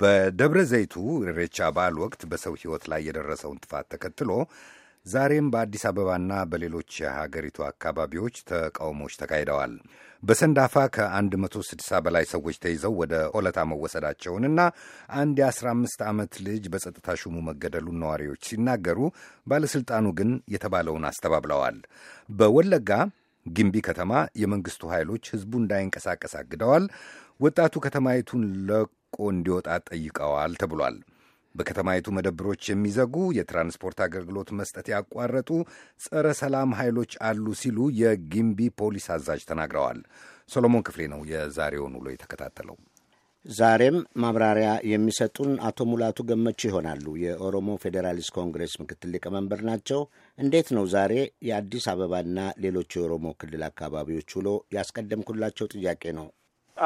በደብረ ዘይቱ ኢሬቻ በዓል ወቅት በሰው ሕይወት ላይ የደረሰውን ጥፋት ተከትሎ ዛሬም በአዲስ አበባና በሌሎች የሀገሪቱ አካባቢዎች ተቃውሞዎች ተካሂደዋል። በሰንዳፋ ከ160 በላይ ሰዎች ተይዘው ወደ ኦለታ መወሰዳቸውንና አንድ የ15 ዓመት ልጅ በጸጥታ ሹሙ መገደሉን ነዋሪዎች ሲናገሩ፣ ባለሥልጣኑ ግን የተባለውን አስተባብለዋል። በወለጋ ግንቢ ከተማ የመንግስቱ ኃይሎች ህዝቡ እንዳይንቀሳቀስ አግደዋል። ወጣቱ ከተማይቱን ለቆ እንዲወጣ ጠይቀዋል ተብሏል። በከተማይቱ መደብሮች የሚዘጉ የትራንስፖርት አገልግሎት መስጠት ያቋረጡ ጸረ ሰላም ኃይሎች አሉ ሲሉ የግንቢ ፖሊስ አዛዥ ተናግረዋል። ሰሎሞን ክፍሌ ነው የዛሬውን ውሎ የተከታተለው። ዛሬም ማብራሪያ የሚሰጡን አቶ ሙላቱ ገመቹ ይሆናሉ። የኦሮሞ ፌዴራሊስት ኮንግሬስ ምክትል ሊቀመንበር ናቸው። እንዴት ነው ዛሬ የአዲስ አበባና ሌሎች የኦሮሞ ክልል አካባቢዎች ውሎ? ያስቀደምኩላቸው ጥያቄ ነው።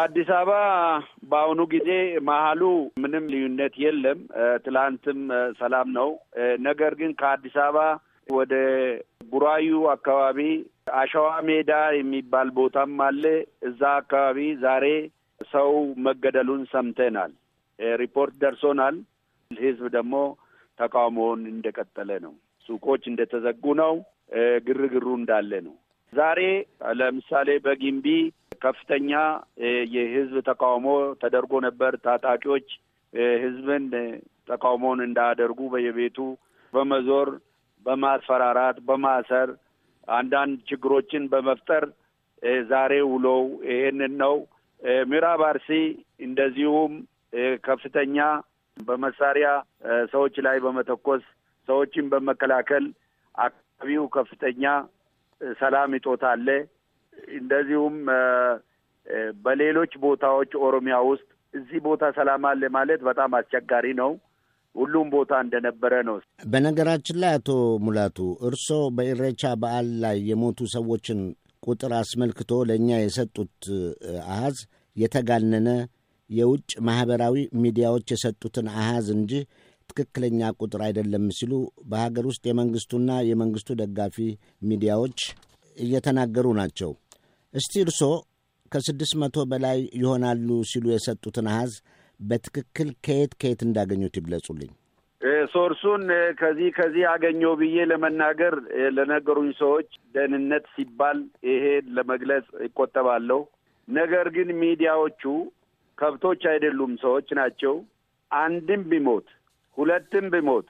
አዲስ አበባ በአሁኑ ጊዜ መሀሉ ምንም ልዩነት የለም። ትላንትም ሰላም ነው። ነገር ግን ከአዲስ አበባ ወደ ቡራዩ አካባቢ አሸዋ ሜዳ የሚባል ቦታም አለ። እዛ አካባቢ ዛሬ ሰው መገደሉን ሰምተናል፣ ሪፖርት ደርሶናል። ህዝብ ደግሞ ተቃውሞውን እንደቀጠለ ነው። ሱቆች እንደተዘጉ ነው። ግርግሩ እንዳለ ነው። ዛሬ ለምሳሌ በጊምቢ ከፍተኛ የህዝብ ተቃውሞ ተደርጎ ነበር። ታጣቂዎች ህዝብን ተቃውሞውን እንዳያደርጉ በየቤቱ በመዞር በማስፈራራት፣ በማሰር አንዳንድ ችግሮችን በመፍጠር ዛሬ ውሎው ይሄንን ነው። ምዕራብ አርሲ እንደዚሁም ከፍተኛ በመሳሪያ ሰዎች ላይ በመተኮስ ሰዎችን በመከላከል አካባቢው ከፍተኛ ሰላም እጦታ አለ። እንደዚሁም በሌሎች ቦታዎች ኦሮሚያ ውስጥ እዚህ ቦታ ሰላም አለ ማለት በጣም አስቸጋሪ ነው። ሁሉም ቦታ እንደነበረ ነው። በነገራችን ላይ አቶ ሙላቱ እርስዎ በኢሬቻ በዓል ላይ የሞቱ ሰዎችን ቁጥር አስመልክቶ ለእኛ የሰጡት አሃዝ የተጋነነ የውጭ ማኅበራዊ ሚዲያዎች የሰጡትን አሃዝ እንጂ ትክክለኛ ቁጥር አይደለም ሲሉ በሀገር ውስጥ የመንግሥቱና የመንግሥቱ ደጋፊ ሚዲያዎች እየተናገሩ ናቸው። እስቲ እርሶ ከስድስት መቶ በላይ ይሆናሉ ሲሉ የሰጡትን አሃዝ በትክክል ከየት ከየት እንዳገኙት ይግለጹልኝ። ሶርሱን ከዚህ ከዚህ አገኘው ብዬ ለመናገር ለነገሩኝ ሰዎች ደህንነት ሲባል ይሄ ለመግለጽ ይቆጠባለሁ። ነገር ግን ሚዲያዎቹ ከብቶች አይደሉም፣ ሰዎች ናቸው። አንድም ቢሞት ሁለትም ቢሞት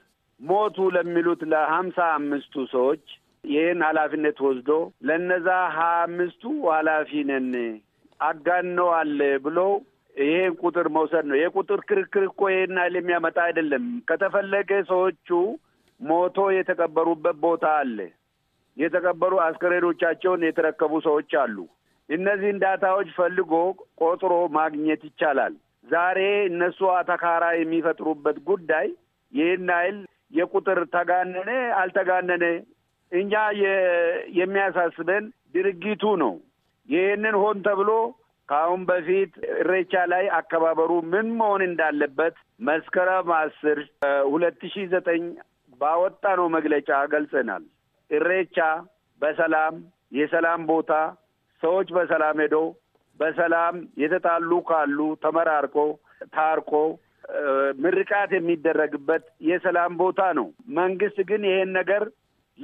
ሞቱ ለሚሉት ለሀምሳ አምስቱ ሰዎች ይህን ኃላፊነት ወስዶ ለነዛ ሀያ አምስቱ ኃላፊ ነን አጋነዋል ብሎ ይሄን ቁጥር መውሰድ ነው። የቁጥር ክርክር እኮ ይሄን ያህል የሚያመጣ አይደለም። ከተፈለገ ሰዎቹ ሞቶ የተቀበሩበት ቦታ አለ። የተቀበሩ አስከሬኖቻቸውን የተረከቡ ሰዎች አሉ። እነዚህን ዳታዎች ፈልጎ ቆጥሮ ማግኘት ይቻላል። ዛሬ እነሱ አተካራ የሚፈጥሩበት ጉዳይ ይህን አይል የቁጥር ተጋነነ አልተጋነነ፣ እኛ የሚያሳስበን ድርጊቱ ነው። ይህንን ሆን ተብሎ ከአሁን በፊት እሬቻ ላይ አከባበሩ ምን መሆን እንዳለበት መስከረም አስር ሁለት ሺ ዘጠኝ ነው መግለጫ ገልጸናል። እሬቻ በሰላም የሰላም ቦታ ሰዎች በሰላም ሄዶ በሰላም የተጣሉ ካሉ ተመራርቆ ታርቆ ምርቃት የሚደረግበት የሰላም ቦታ ነው። መንግስት ግን ይሄን ነገር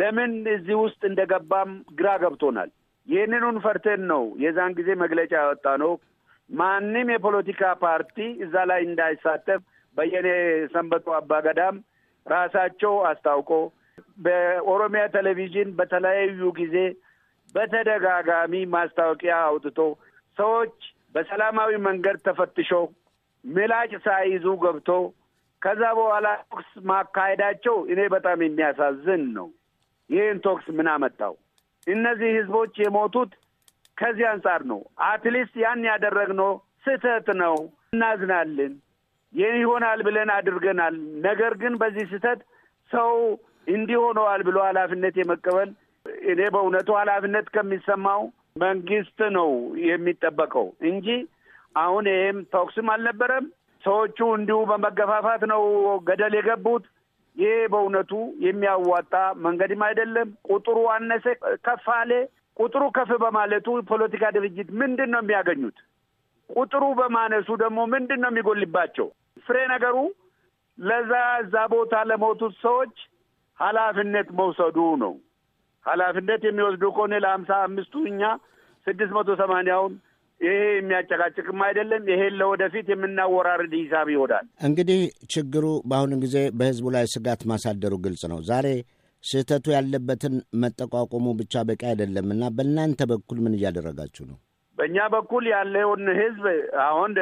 ለምን እዚህ ውስጥ እንደገባም ግራ ገብቶናል። ይህንኑን ፈርተን ነው የዛን ጊዜ መግለጫ ያወጣ ነው። ማንም የፖለቲካ ፓርቲ እዛ ላይ እንዳይሳተፍ በየኔ ሰንበቱ አባገዳም ራሳቸው አስታውቆ በኦሮሚያ ቴሌቪዥን በተለያዩ ጊዜ በተደጋጋሚ ማስታወቂያ አውጥቶ ሰዎች በሰላማዊ መንገድ ተፈትሾ ምላጭ ሳይዙ ገብቶ ከዛ በኋላ ቶክስ ማካሄዳቸው እኔ በጣም የሚያሳዝን ነው። ይህን ቶክስ ምን አመጣው? እነዚህ ህዝቦች የሞቱት ከዚህ አንጻር ነው። አትሊስት ያን ያደረግነው ስህተት ነው፣ እናዝናለን፣ ይህን ይሆናል ብለን አድርገናል። ነገር ግን በዚህ ስህተት ሰው እንዲሆነዋል ብሎ ኃላፊነት የመቀበል እኔ በእውነቱ ኃላፊነት ከሚሰማው መንግስት ነው የሚጠበቀው እንጂ አሁን ይህም ተኩስም አልነበረም። ሰዎቹ እንዲሁ በመገፋፋት ነው ገደል የገቡት። ይህ በእውነቱ የሚያዋጣ መንገድም አይደለም። ቁጥሩ አነሰ ከፍ አለ። ቁጥሩ ከፍ በማለቱ ፖለቲካ ድርጅት ምንድን ነው የሚያገኙት? ቁጥሩ በማነሱ ደግሞ ምንድን ነው የሚጎልባቸው? ፍሬ ነገሩ ለዛ እዛ ቦታ ለሞቱት ሰዎች ኃላፊነት መውሰዱ ነው። ኃላፊነት የሚወስዱ ከሆነ ለሀምሳ አምስቱ እኛ ስድስት መቶ ሰማንያውን ይሄ የሚያጨቃጭቅም አይደለም። ይሄን ለወደፊት የምናወራርድ ሂሳብ ይሆናል። እንግዲህ ችግሩ በአሁኑ ጊዜ በህዝቡ ላይ ስጋት ማሳደሩ ግልጽ ነው። ዛሬ ስህተቱ ያለበትን መጠቋቆሙ ብቻ በቂ አይደለም እና በእናንተ በኩል ምን እያደረጋችሁ ነው? በእኛ በኩል ያለውን ህዝብ አሁን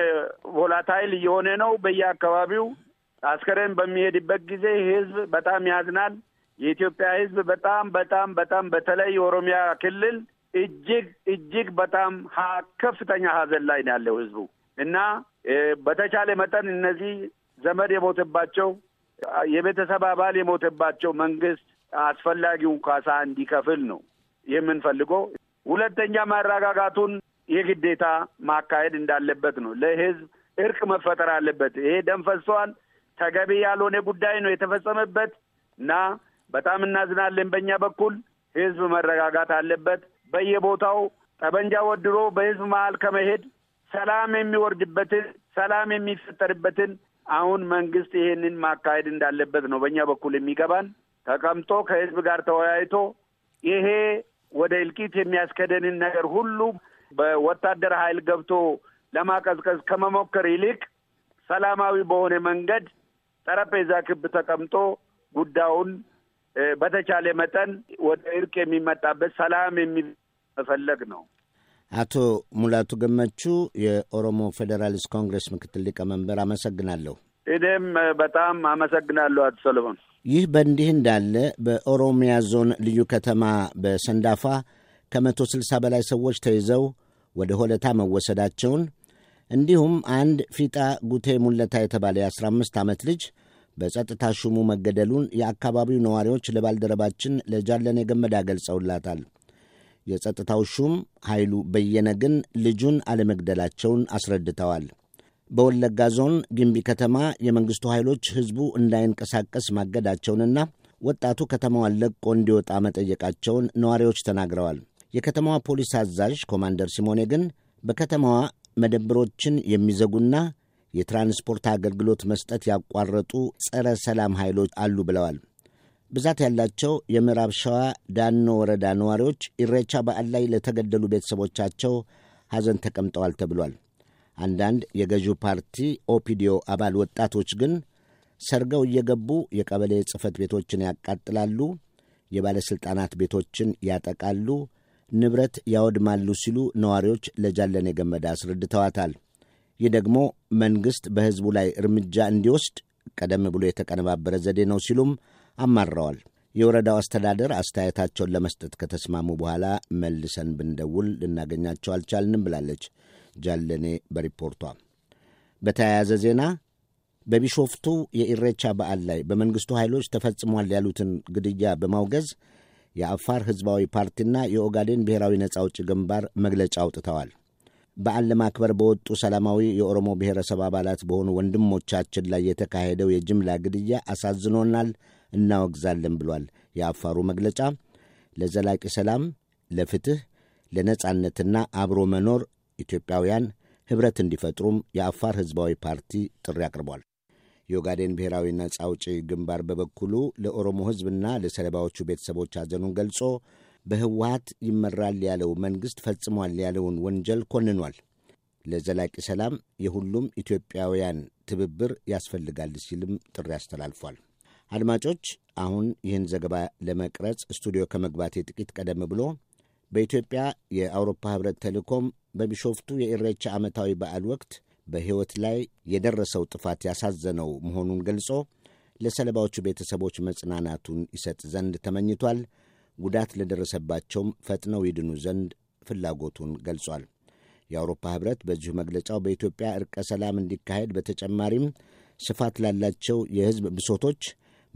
ቮላታይል እየሆነ ነው። በየአካባቢው አስከሬን በሚሄድበት ጊዜ ህዝብ በጣም ያዝናል። የኢትዮጵያ ሕዝብ በጣም በጣም በጣም በተለይ የኦሮሚያ ክልል እጅግ እጅግ በጣም ከፍተኛ ሀዘን ላይ ነው ያለው ሕዝቡ እና በተቻለ መጠን እነዚህ ዘመድ የሞተባቸው የቤተሰብ አባል የሞተባቸው መንግስት አስፈላጊውን ካሳ እንዲከፍል ነው የምንፈልገው። ሁለተኛ ማረጋጋቱን የግዴታ ማካሄድ እንዳለበት ነው። ለህዝብ እርቅ መፈጠር አለበት። ይሄ ደም ፈሷል፣ ተገቢ ያልሆነ ጉዳይ ነው የተፈጸመበት እና በጣም እናዝናለን። በእኛ በኩል ህዝብ መረጋጋት አለበት። በየቦታው ጠበንጃ ወድሮ በህዝብ መሀል ከመሄድ ሰላም የሚወርድበትን ሰላም የሚፈጠርበትን አሁን መንግስት ይሄንን ማካሄድ እንዳለበት ነው በእኛ በኩል የሚገባን። ተቀምጦ ከህዝብ ጋር ተወያይቶ ይሄ ወደ እልቂት የሚያስከደንን ነገር ሁሉ በወታደር ኃይል ገብቶ ለማቀዝቀዝ ከመሞከር ይልቅ ሰላማዊ በሆነ መንገድ ጠረጴዛ ክብ ተቀምጦ ጉዳዩን በተቻለ መጠን ወደ እርቅ የሚመጣበት ሰላም የሚፈለግ ነው። አቶ ሙላቱ ገመቹ የኦሮሞ ፌዴራሊስት ኮንግረስ ምክትል ሊቀመንበር፣ አመሰግናለሁ። እኔም በጣም አመሰግናለሁ አቶ ሰለሞን። ይህ በእንዲህ እንዳለ በኦሮሚያ ዞን ልዩ ከተማ በሰንዳፋ ከመቶ ስልሳ በላይ ሰዎች ተይዘው ወደ ሆለታ መወሰዳቸውን እንዲሁም አንድ ፊጣ ጉቴ ሙለታ የተባለ የ አምስት ዓመት ልጅ በጸጥታ ሹሙ መገደሉን የአካባቢው ነዋሪዎች ለባልደረባችን ለጃለኔ ገመዳ ገልጸውላታል። የጸጥታው ሹም ኃይሉ በየነ ግን ልጁን አለመግደላቸውን አስረድተዋል። በወለጋ ዞን ግንቢ ከተማ የመንግሥቱ ኃይሎች ሕዝቡ እንዳይንቀሳቀስ ማገዳቸውንና ወጣቱ ከተማዋን ለቆ እንዲወጣ መጠየቃቸውን ነዋሪዎች ተናግረዋል። የከተማዋ ፖሊስ አዛዥ ኮማንደር ሲሞኔ ግን በከተማዋ መደብሮችን የሚዘጉና የትራንስፖርት አገልግሎት መስጠት ያቋረጡ ጸረ ሰላም ኃይሎች አሉ ብለዋል። ብዛት ያላቸው የምዕራብ ሸዋ ዳኖ ወረዳ ነዋሪዎች ኢሬቻ በዓል ላይ ለተገደሉ ቤተሰቦቻቸው ሐዘን ተቀምጠዋል ተብሏል። አንዳንድ የገዢው ፓርቲ ኦፒዲዮ አባል ወጣቶች ግን ሰርገው እየገቡ የቀበሌ ጽሕፈት ቤቶችን ያቃጥላሉ፣ የባለሥልጣናት ቤቶችን ያጠቃሉ፣ ንብረት ያወድማሉ ሲሉ ነዋሪዎች ለጃለኔ ገመዳ አስረድተዋታል። ይህ ደግሞ መንግሥት በሕዝቡ ላይ እርምጃ እንዲወስድ ቀደም ብሎ የተቀነባበረ ዘዴ ነው ሲሉም አማረዋል። የወረዳው አስተዳደር አስተያየታቸውን ለመስጠት ከተስማሙ በኋላ መልሰን ብንደውል ልናገኛቸው አልቻልንም ብላለች ጃለኔ በሪፖርቷ። በተያያዘ ዜና በቢሾፍቱ የኢሬቻ በዓል ላይ በመንግሥቱ ኃይሎች ተፈጽሟል ያሉትን ግድያ በማውገዝ የአፋር ሕዝባዊ ፓርቲና የኦጋዴን ብሔራዊ ነጻ አውጪ ግንባር መግለጫ አውጥተዋል። በዓል ለማክበር በወጡ ሰላማዊ የኦሮሞ ብሔረሰብ አባላት በሆኑ ወንድሞቻችን ላይ የተካሄደው የጅምላ ግድያ አሳዝኖናል፣ እናወግዛለን ብሏል የአፋሩ መግለጫ። ለዘላቂ ሰላም፣ ለፍትህ፣ ለነጻነትና አብሮ መኖር ኢትዮጵያውያን ኅብረት እንዲፈጥሩም የአፋር ሕዝባዊ ፓርቲ ጥሪ አቅርቧል። የኦጋዴን ብሔራዊ ነጻ አውጪ ግንባር በበኩሉ ለኦሮሞ ሕዝብና ለሰለባዎቹ ቤተሰቦች አዘኑን ገልጾ በህወሀት ይመራል ያለው መንግሥት ፈጽሟል ያለውን ወንጀል ኮንኗል። ለዘላቂ ሰላም የሁሉም ኢትዮጵያውያን ትብብር ያስፈልጋል ሲልም ጥሪ አስተላልፏል። አድማጮች፣ አሁን ይህን ዘገባ ለመቅረጽ ስቱዲዮ ከመግባቴ ጥቂት ቀደም ብሎ በኢትዮጵያ የአውሮፓ ህብረት ቴሌኮም በቢሾፍቱ የኢሬቻ ዓመታዊ በዓል ወቅት በሕይወት ላይ የደረሰው ጥፋት ያሳዘነው መሆኑን ገልጾ ለሰለባዎቹ ቤተሰቦች መጽናናቱን ይሰጥ ዘንድ ተመኝቷል። ጉዳት ለደረሰባቸውም ፈጥነው ይድኑ ዘንድ ፍላጎቱን ገልጿል። የአውሮፓ ህብረት በዚሁ መግለጫው በኢትዮጵያ እርቀ ሰላም እንዲካሄድ በተጨማሪም ስፋት ላላቸው የህዝብ ብሶቶች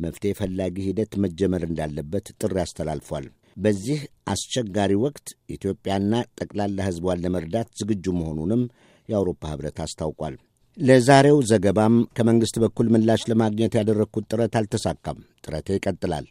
መፍትሄ ፈላጊ ሂደት መጀመር እንዳለበት ጥሪ አስተላልፏል። በዚህ አስቸጋሪ ወቅት ኢትዮጵያና ጠቅላላ ህዝቧን ለመርዳት ዝግጁ መሆኑንም የአውሮፓ ህብረት አስታውቋል። ለዛሬው ዘገባም ከመንግሥት በኩል ምላሽ ለማግኘት ያደረግኩት ጥረት አልተሳካም። ጥረቴ ይቀጥላል።